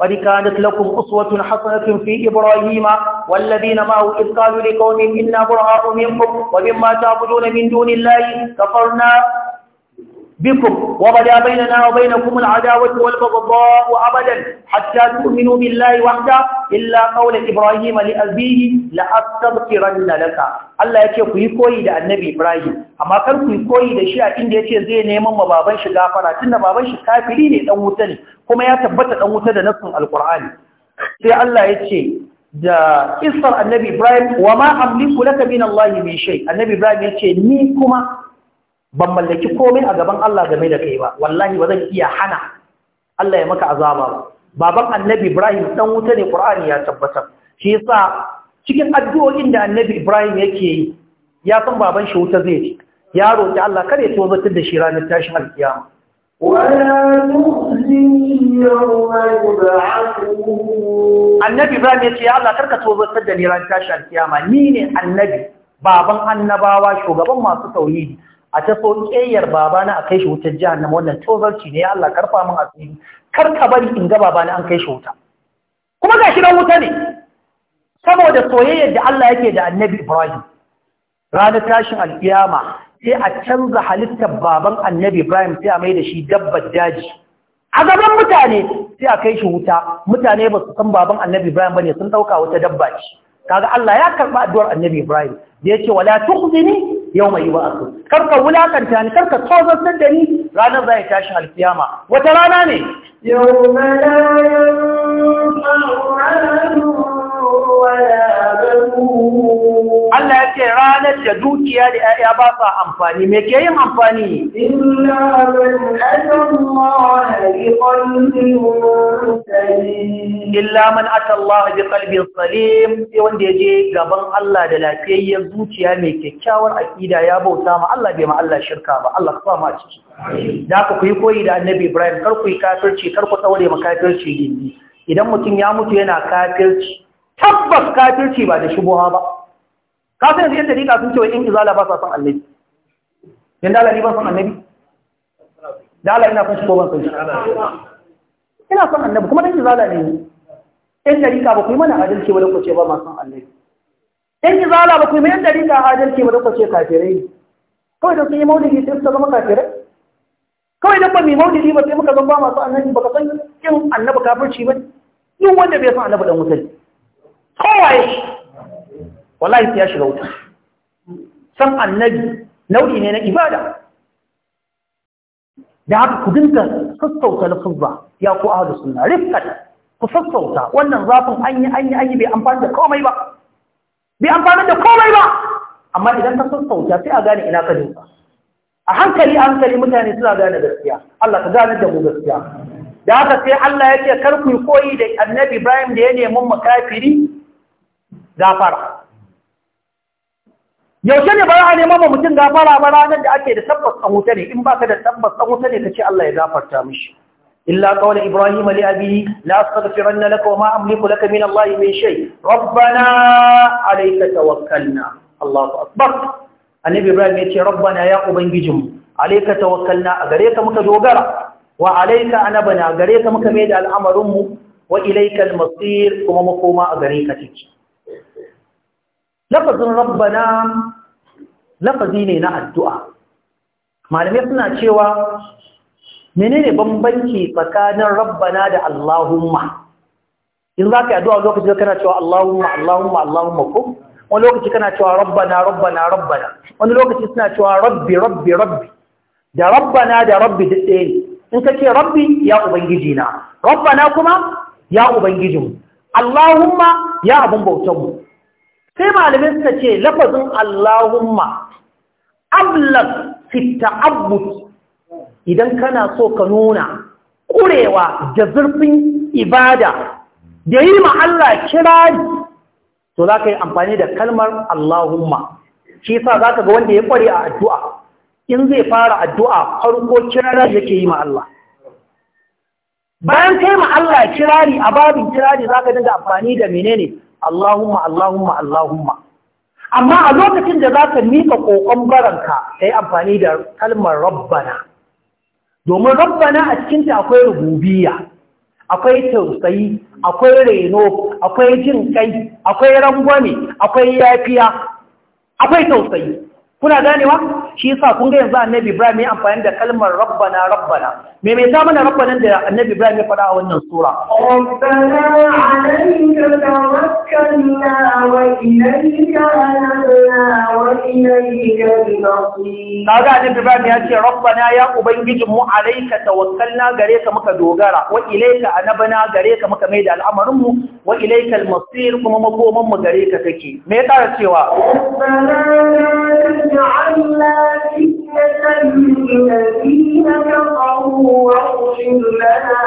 A: قد كانت لكم أسوة حسنة في إبراهيم والذين معه إذ قالوا لقومهم Inna, براء منكم ومما تعبدون من دون الله Kafarna. بكم وبدا بيننا وبينكم العداوة والبغضاء أبدا حتى تؤمنوا بالله وحده إلا قول إبراهيم لأبيه لأستغفرن لك Allah ya ce ku koyi da annabi Ibrahim, amma kar ku koyi da shi a inda ya ce zai neman ma baban shi gafara, tunda baban shi kafiri ne ɗan wuta ne, kuma ya tabbata ɗan wuta da nassun Alƙur'ani. Sai Allah ya ce, da isar annabi Ibrahim, wa ma amliku laka min Allah Annabi Ibrahim ya ce, ni kuma ban mallaki komai a gaban Allah game da kai ba wallahi ba zan iya hana Allah ya maka azaba ba baban annabi Ibrahim dan wuta ne Qur'ani ya tabbatar shi yasa cikin addu'o'in da annabi Ibrahim yake yi ya san baban shi wuta zai ci ya roki Allah kare to zartar da shi ranar tashin alkiyama annabi Ibrahim yace ya Allah karka to zartar da ni ranar tashin alkiyama ni ne annabi baban annabawa shugaban masu tauhidi a ta so ƙeyar babana a kai shi wutar jihannama wannan tozarci ne ya Allah karfa min asiri kar ka bari in ga babana an kai shi wuta kuma ga shi wuta ne saboda soyayyar da Allah yake da annabi Ibrahim ranar tashin alƙiyama sai a canza halittar baban annabi Ibrahim sai a mai da shi dabbar daji a gaban mutane sai a kai shi wuta mutane ba su san baban annabi Ibrahim bane sun ɗauka wata dabba ce kaga Allah ya karba addu'ar annabi Ibrahim da yace wala tukhzini yawma yub'ath karka wulakanta ni karka tozartar da ni ranar zai tashi alkiyama wata rana ne yawma la yanfa'u wala gonar da dukiya da ‘ya'ya ba sa amfani, me ke yin amfani? Illa man atallah bi kalbin salim, wanda ya je gaban Allah da lafiyayyar zuciya mai kyakkyawar aƙida ya bauta ma Allah bai ma Allah shirka ba, Allah ka ma ciki. Da ku yi koyi da annabi Ibrahim, kar ku yi kafirci, kar ku tsaure ma kafirci gindi. Idan mutum ya mutu yana kafirci, tabbas kafirci ba da shubuha ba. kafin yanzu yan dariƙa sun ce wa in izala ba sa san annabi yan dala ni ba san annabi dala ina son shi ko ban shi ina son annabi kuma dan izala ne yan dariƙa ba ku yi mana adalci ba lokaci ba ma son annabi yan izala ba ku yi mana yan dariƙa adalci ba lokaci kafirai ne kawai da su yi maulidi sai suka zama kafirai kawai dan ba mai maulidi ba sai muka zan ba masu annabi ka san kin annabi kafirci ba yin wanda bai san annabi dan mutane.
B: kowaye
A: wallahi sai ya shiga wuta san annabi nau'i ne na ibada da haka ku dinga sassauta na fuzza ya ku ahlus sunna rifqat ku sassauta wannan zafin an yi an yi an yi bai amfani da komai ba bai amfani da komai ba amma idan ka sassauta sai a gane ina ka dinka a hankali a hankali mutane suna gane gaskiya Allah ka gane da mu gaskiya da haka sai Allah ya ce kar ku koyi da annabi Ibrahim da ya nemi makafiri gafara yaushe ne ba za a neman ma mutum gafara ba ranar da ake da tabbas a wuta ne in baka da tabbas a wuta ne ka ce Allah ya gafarta mishi illa qawla ibrahim li abihi la astaghfiranna laka wa ma amliku laka min Allah min shay rabbana alayka tawakkalna Allahu akbar annabi ibrahim ya ce rabbana ya mu alayka tawakkalna a gare ka muka dogara wa alayka anabana gare ka muka mai da al'amarinmu wa ilayka al-masir kuma makoma a gare ka take lafazin rabbana lafazi ne na addu'a malamai suna cewa menene bambanci tsakanin rabbana da allahumma in za ka yi addu'a lokaci kana cewa allahumma allahumma allahumma ko wani lokaci kana cewa rabbana rabbana rabbana wani lokaci suna cewa rabbi rabbi rabbi da rabbana da rabbi duk ɗaya ne in ka ce rabbi ya ubangiji na rabbana kuma ya ubangijinmu allahumma ya abin bautanmu sai malamin suka ce lafazin Allahumma ablaq fi ta'abbud idan kana so ka nuna ƙurewa da zurfin ibada da yi ma Allah kirari to za ka yi amfani da kalmar Allahumma shi sa za ka ga wanda ya ƙware a addu'a in zai fara addu'a farko kirari yake yi ma Allah bayan kai ma Allah kirari a babin kirari za ka dinga amfani da menene Allahumma Allahumma Allahumma amma a lokacin da za ka miƙa ƙoƙon baranka ka yi amfani da kalmar rabbana domin rabbana a cikinta akwai rububiya akwai tausayi akwai reno akwai jin kai akwai rangwame akwai yafiya akwai tausayi kuna ganewa shi yasa kun ga yanzu annabi Ibrahim ya amfani da kalmar rabbana rabbana me mai ta mana rabbana da annabi Ibrahim ya faɗa a wannan sura
B: rabbana alayka tawakkalna wa ilayka anabna wa ilayka
A: al-masir kaga annabi Ibrahim ya ce rabbana ya ubangiji mu alayka tawakkalna gare ka muka dogara wa ilayka anabna gare ka muka mai da al'amarin mu wa ilayka al-masir kuma makoman mu gare ka take me ya tsara cewa
B: rabbana وجعلنا فتنة للذين كفروا واغفر لنا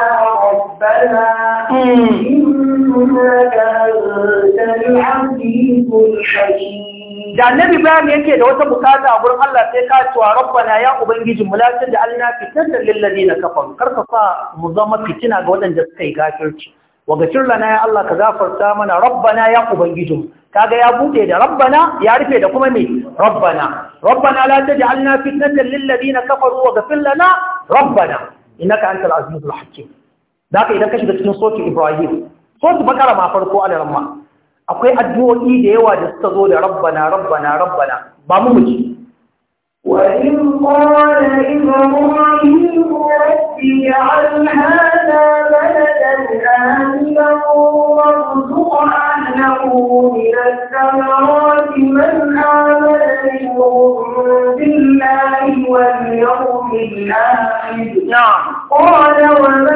B: ربنا
A: إنك أنت العزيز
B: الحكيم
A: da annabi yake da wata bukata a gurin Allah sai ka cewa rabbana ya ubangiji mu lafiyar da alna na kafa ladina kafaru karka sa mu zama fitina ga waɗanda suka yi gafirci wa gafir na ya Allah ka gafarta mana rabbana ya ubangiji kaga ya bude da rabbana ya rufe da kuma me rabbana rabbana la taj'alna fitnatan lil ladina kafaru wa ghfir lana rabbana innaka antal azizul hakim zaka idan ka shiga cikin sotu ibrahim sotu bakara ma farko ala ramma akwai addu'o'i da yawa da suka zo da rabbana rabbana rabbana ba mu muci wa in
B: qala ibrahim رب اجعل هذا بلدا آمنا وارزق أهله من الثمرات من آمن منهم بالله واليوم الآخر نعم. قال ومن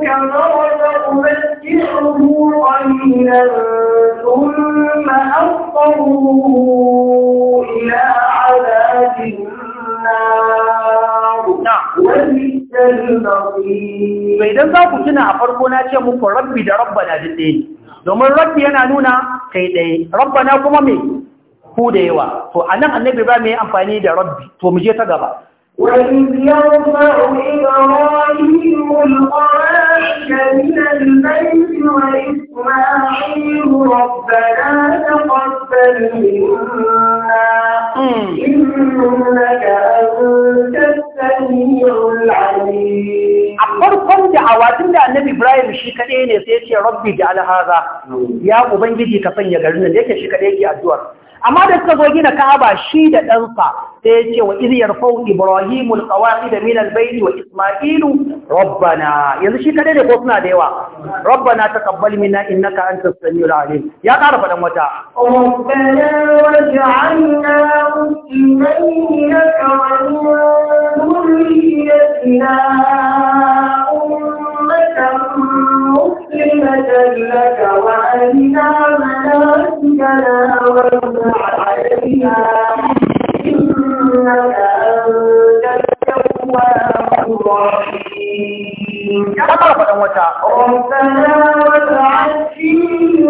B: كفر فأمتعه قليلا ثم أضطره إلى عذاب النار
A: Mai don za ku tuna a farko na ce muku rabbi da rabba na ɗaya domin rabbi yana nuna kai ɗaya, na kuma mai ku da yawa. To, a nan annabi ba mai amfani da rabbi, to mu je ta gaba.
B: وإذ يرفع إبراهيم القواعد من البيت وإسماعيل ربنا تقبل منا hmm. إنك أنت
A: السميع العليم farkon da'awa tun da annabi Ibrahim shi kaɗai ne sai ya ce rabbi da alhaza ya ubangiji ka sanya garin nan yake shi kaɗai yake addu'ar amma da suka zo gina Ka'aba shi da ɗansa sai ya ce wa izyar fau Ibrahim da min albayt wa Isma'ilu rabbana yanzu shi kadai da ko suna da yawa rabbana taqabbal minna innaka antas samiul alim ya ƙara faɗan wata
B: rabbana Ọmọ ọmọ ọmọ ọmọ ọmọ ọmọ ọmọ ọmọ ọmọ ọmọ ọmọ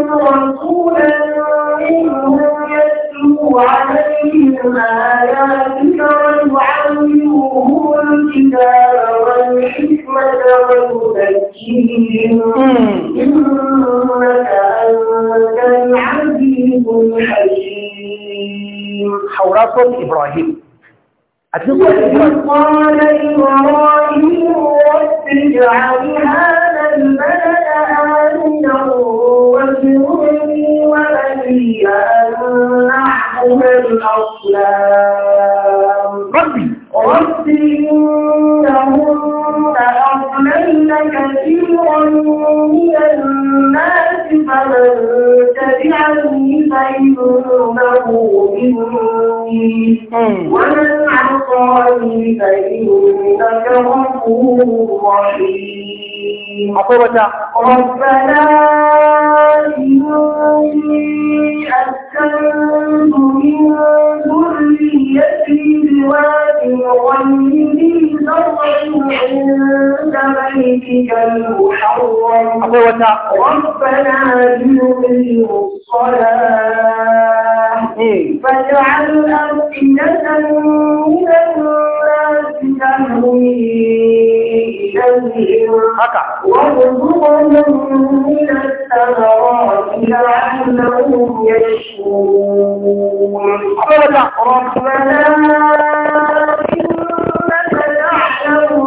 B: ọmọ ọmọ ọmọ ọmọ ọmọ عليهم آياتك ويعلمهم الكتاب والحكمة ويزكيهم إنك أنت العزيز الحكيم حورات
A: إبراهيم قال إبراهيم
B: واتجعل اجعل هذا البلد آمنا وجنبني وبني أن نعبد الأصنام ربي ربي إنهن أضللن كثيرا من الناس فمن تبعني فإنه مني ومن عصى عبادي ربنا إني أسكنت من ذريتي بواد غير ذي عند بيتك المحرم ربنا ليقيموا الصلاة إيه. فاجعل أفئدة من تهوي إنك تعلم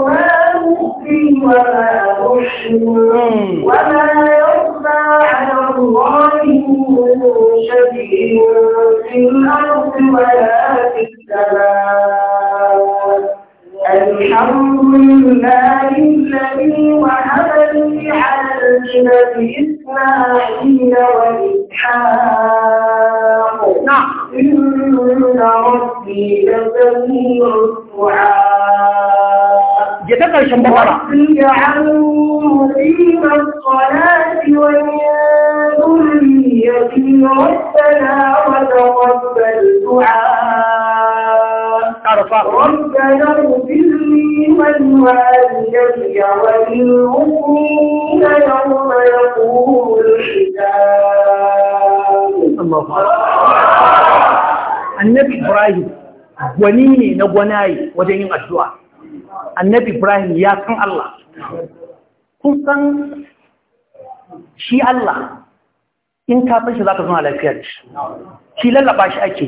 B: ما نخفي وما نحن وما يخفى على الله من شيء في الأرض ولا في السماء الحمد لله الذي وهب لي على الجبل إسماعيل وإسحاق نعم. إن ربي لسميع الدعاء ربي عني مقيم الصلاة ومن ذريتي ربنا وتقبل دعاء أرفع ربنا اغفر لي من والدي وللمؤمنين يوم يقوم
A: الله annabi Ibrahim gwani ne na gwanaye wajen yin addu'a. Annabi Ibrahim ya san Allah. Kun san shi Allah in ka fashe za ka zuna lafiyar shi. Shi lallaba shi ake.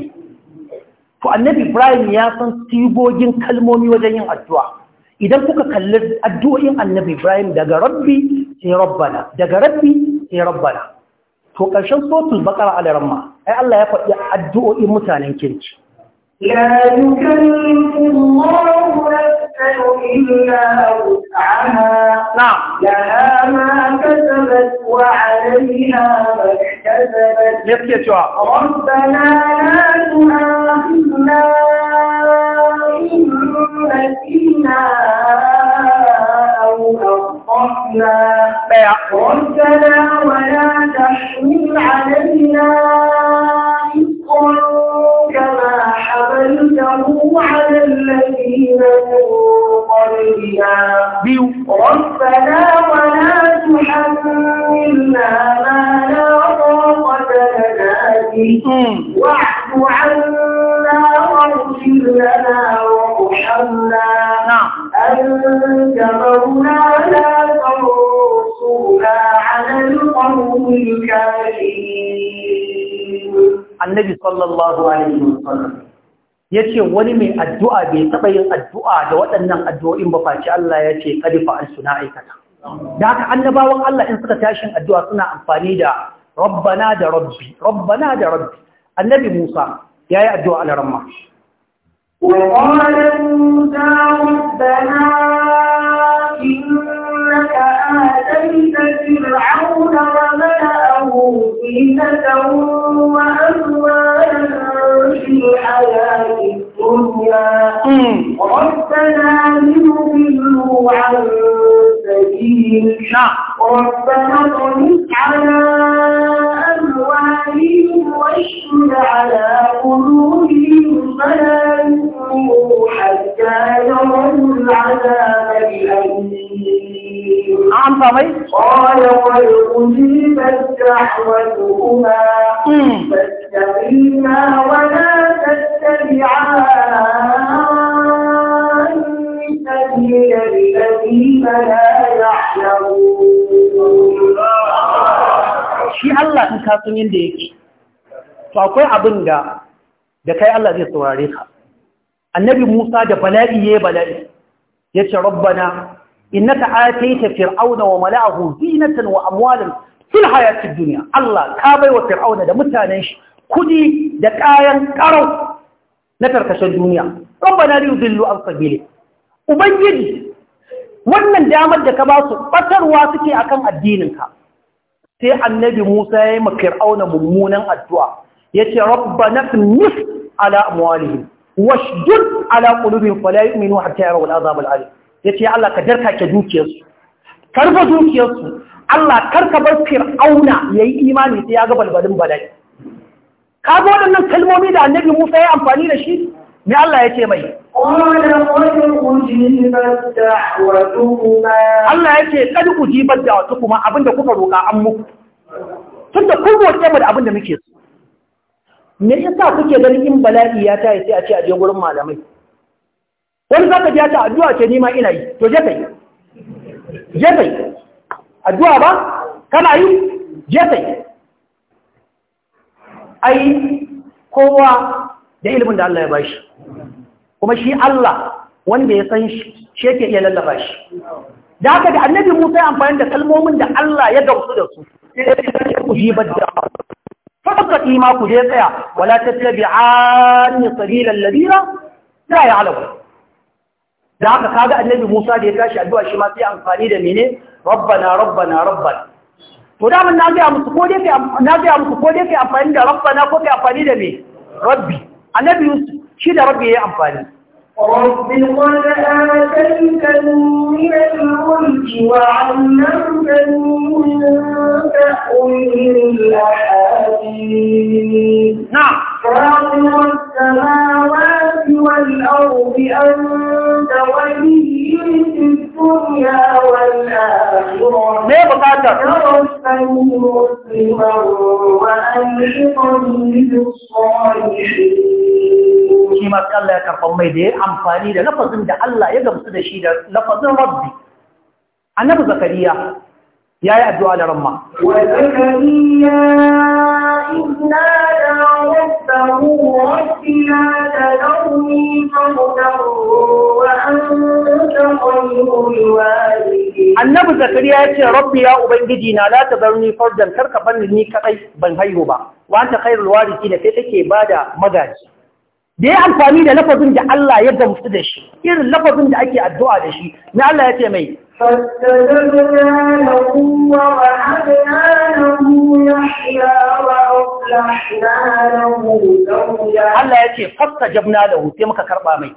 A: to annabi ibrahim ya san sigogin kalmomi wajen yin addu'a idan kuka kalli addu'o'in annabi ibrahim daga rabbi sai rabbana daga rabbi sai rabbana to ƙarshen sotul bakara alaramma ai Allah ya faɗi addu'o'in mutanen kirki
B: لا يكلف الله نفسا إلا وسعها نعم لها ما كسبت وعليها ما اكتسبت ربنا لا تؤاخذنا إن نسينا أو أخطأنا ربنا ولا تحمل علينا إصرا كما حملته على الذين من قبلنا ربنا ولا تحملنا ما لا طاقة لنا به واعف عنا واغفر لنا وارحمنا نعم. أن تبرنا لا تنصرنا على القوم الكافرين
A: النبي صلى الله عليه وسلم ce wani mai addu'a bai taɓa yin addu'a da waɗannan addu'o'in ba Faci Allah ya ce kadifa an suna aikata da haka annabawan Allah in suka tashin addu'a suna amfani da rabbana da rabbi rabbana da rabbi annabi Musa ya yi addu'a a ramma
B: وقال موسى ربنا إنك آتيت فرعون وملأه زينة وأموالا في الحياة الدنيا ربنا ليضلوا عن المرسلين نعم ربنا اطمس على أموالهم واشهد على قلوبهم فلا يؤمنوا حتى يروا العذاب الأليم نعم قال قد أجيبت دعوتهما فاستقيما ولا تتبعا سبيل الذين لا يعلمون
A: shi Allah in ka sun yadda yake to akwai abin da da kai Allah zai saurare ka annabi Musa da bala'i yayi bala'i yace rabbana innaka ataita fir'auna wa mala'ahu zinatan wa amwalan fil hayatid dunya Allah ka baiwa fir'auna da mutanen shi kudi da kayan karo na tarkashin duniya rabbana liyudillu an sabili ubangiji wannan damar da ka ba su ɓatarwa suke akan addininka sai annabi Musa ya yi makir'auna mummunan addu'a ya ce "Rabba na nis ala amwalihim washdud ala qulubihim fala yu'minu hatta yarawu al'azab al'alim yace Allah ka jarka ke dukiyarsu karba dukiyarsu Allah karka bar fir'auna yayi imani sai ya ga balbalin bala'i ga waɗannan kalmomi da annabi Musa ya amfani da shi me Allah ya ce mai قال قد أجيبت دعوتكما الله يكي قد أجيبت دعوتكما abinda دكما roƙa an tunda tun da mu da abin da muke so me yasa kuke ganin in bala'i ya yi sai a ce a je gurin malamai wani zaka ji ta addu'a ce ni ma ina yi to je kai je kai addu'a ba kana yi je kai ai kowa da ilimin da Allah ya bashi kuma shi Allah wanda ya san shi shi yake iya lallaba shi da haka da annabi Musa ya amfani da kalmomin da Allah ya gamsu da su sai ya ce ku ji badda faqat ima ku je tsaya wala tattabi'ani sabilal ladina la ya'lamu da haka kaga annabi Musa da ya tashi addu'a shi ma sai amfani da mene rabbana rabbana rabbana to da mun na ga musu ko dai na ga musu ko dai kai amfani da rabbana ko kai amfani da me rabbi annabi Yusuf shi ربي يا ya رب قد
B: آتيتني من الملك نعم. وعلمتني من تأويل الأحاديث نعم فاطر السماوات والأرض أنت ولي في الدنيا والآخرة ما بقاتك
A: توفني مسلما shi ma Allah ya karɓar mai da ya amfani da lafazin da Allah ya gamsu da shi da lafazin rabbi annabi zakariya ya yi addu'a da ramma.
B: Wa Annabi Zakariya ya ce, Rabbi
A: ya Ubangiji na za ta zarni farjan karka banni ni kadai ban haihu ba, wanta khairul warisi da kai take bada magaji. Da ya amfani da lafazin da Allah ya gamsu da shi, irin lafazin da ake addu'a da shi, na Allah ya ce mai,
B: فاستجبنا له ووهبنا له يحيى وأصلحنا له
A: زوجا الله يقول فاستجبنا له سيما كربا مي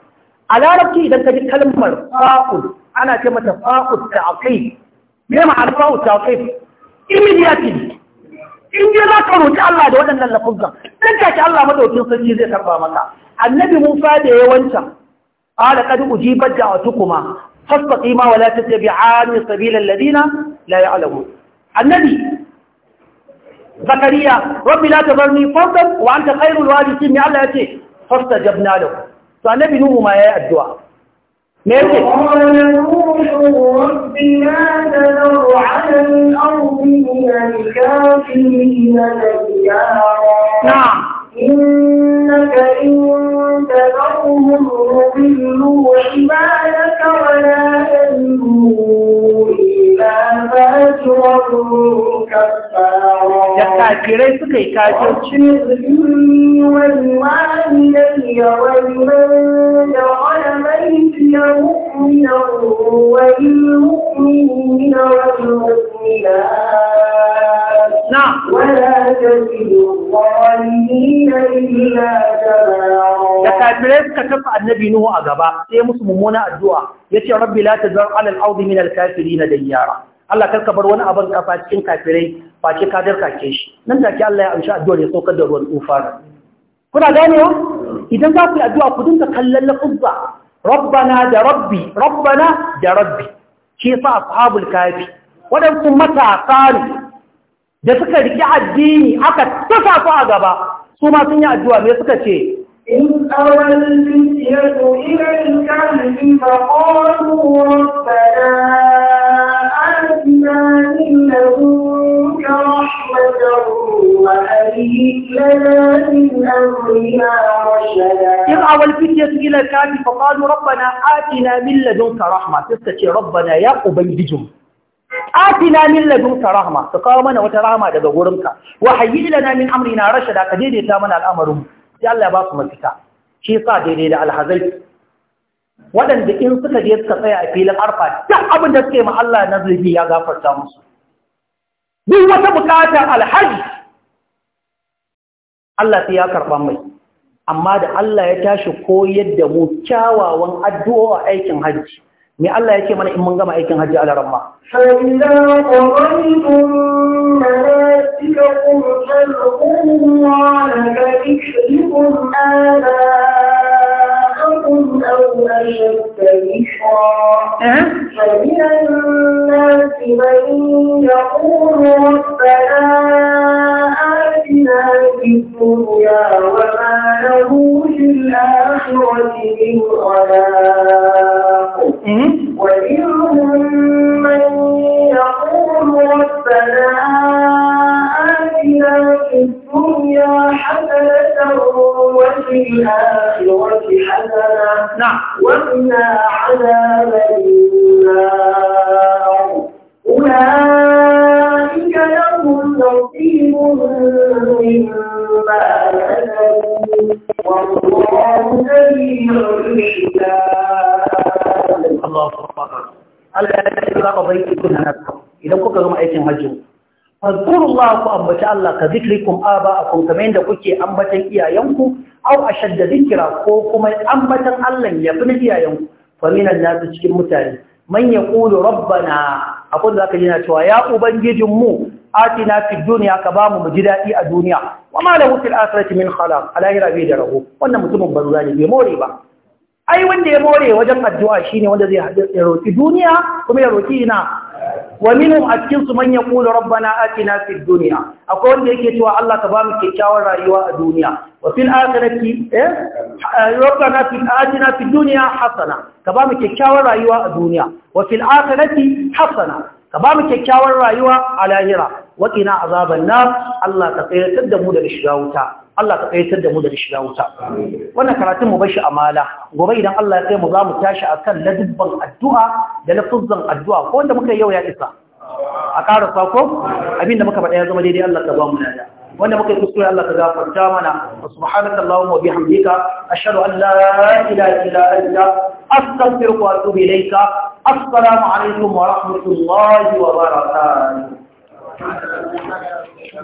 A: a larabci idan ka ji kalmar Fa'ud, ana ce mata fa'ul ta'aqib me ma'anar fa'ul ta'aqib immediately in dai za ka roƙi Allah da waɗannan lafuzan ta take Allah madaukin sarki zai karba maka annabi Musa da ya wancan qala qad ujibat da'atukuma fastaqima wa la tattabi'ani sabila alladhina la ya'lamun annabi zakariya rabbi la tazarni fardan wa anta khairul warithin ya Allah yace fastajabna lahu فالنبي نوم ما الدعاء
B: ماشي قال نوح رب ما تذر على الارض من الكافرين نعم انك ان تذرهم يضلوا
A: عبادك
B: ولا يذلوا da
A: kafirai suka yi kafirci نعم ولا تزد الظالمين إلا da kafirai suka kafa annabi Nuhu a gaba sai musu mummuna addu'a yace rabbi la tazar ala al-ardi min al-kafirin dayyara Allah karka bar wani abin kafa cikin kafirai face ka darka ke shi nan take Allah ya amshi addu'ar ya saukar da ruwan ufa kuna ganewa idan za ku yi addu'a ku dinga kallon lafuzza rabbana da rabbi rabbana da rabbi shi yasa ashabul kafi wadansu matasa ne da suka riki addini aka tasa su a gaba su ma sun yi addu'a me suka ce
B: In إن أوى الفتية إلى الكهف فقالوا ربنا إن أولي
A: إلى الكعبة فقالوا ربنا آتنا من لدنك رحمة تستشير ربنا يا أبي بجم آتنا من لدنك رحمة فقال من وترحمة دقا غرمك وحيي لنا من أمرنا رشدا قديد يتامنا الأمر يا الله باطم الفتاة waɗanda in suka je suka tsaya a filin arfa duk abin da suke ma Allah na zurfi ya gafarta musu duk wata bukatar alhaji Allah sai ya karɓa mai amma da Allah ya tashi koyar da mu kyawawan addu'o'a aikin hajji me Allah ya ce mana in mun gama aikin hajji a ramma shayla
B: da أو أه؟ أشد نشرا فمن الناس من يقول ربنا آتنا في الدنيا وما له في الآخرة من خلاق ومنهم من يقول ربنا آتنا في الدنيا حسنة وفي الآخرة حسنة نعم وقنا عذاب النار أولئك لهم نصيب مما كسبوا والله سريع الحساب
A: الله أكبر Allah ya ce za ka bai kuna na idan kuka gama aikin hajji fadkurullahu ku ambaci Allah ka zikrikum aba'akum kamar yadda kuke ambatan iyayenku au ashadda zikira ko kuma ambatan Allah ya fi na iyayenku fa nasu cikin mutane man yaqulu rabbana akwai zaka ji na cewa ya ubangijin mu na fi dunya ka bamu mu ji daɗi a duniya wa ma lahu fil akhirati min khalaq alahira bi da rago wannan mutumin banza ne bai more ba ai wanda ya more wajen addu'a shine wanda zai ya roki duniya kuma ya roki ina wa minhum su man yaqulu rabbana atina fid dunya akwai wanda yake cewa Allah ka bamu kyakkyawar rayuwa a duniya wa fil akhirati eh rabbana atina fid dunya hasana ka bamu kyakkyawar rayuwa a duniya wa fil akhirati hasana ka bamu kyakkyawar rayuwa a lahira wa qina azaban nar Allah ka tsayar da mu daga shiga wuta Allah ka tsayar da mu da shiga wuta wannan karatun mu bashi amala gobe idan Allah ya kai mu za mu tashi akan ladubban addu'a da lafuzzan addu'a ko wanda muka yau ya isa a ƙara sako abinda muka faɗa ya zama daidai Allah ka ba mu nada wanda muka yi kuskure Allah ka gafarta mana wa subhanaka allahumma wa bihamdika ashhadu an la ilaha illa anta astaghfiruka wa atubu ilayka assalamu alaikum wa rahmatullahi wa
B: barakatuh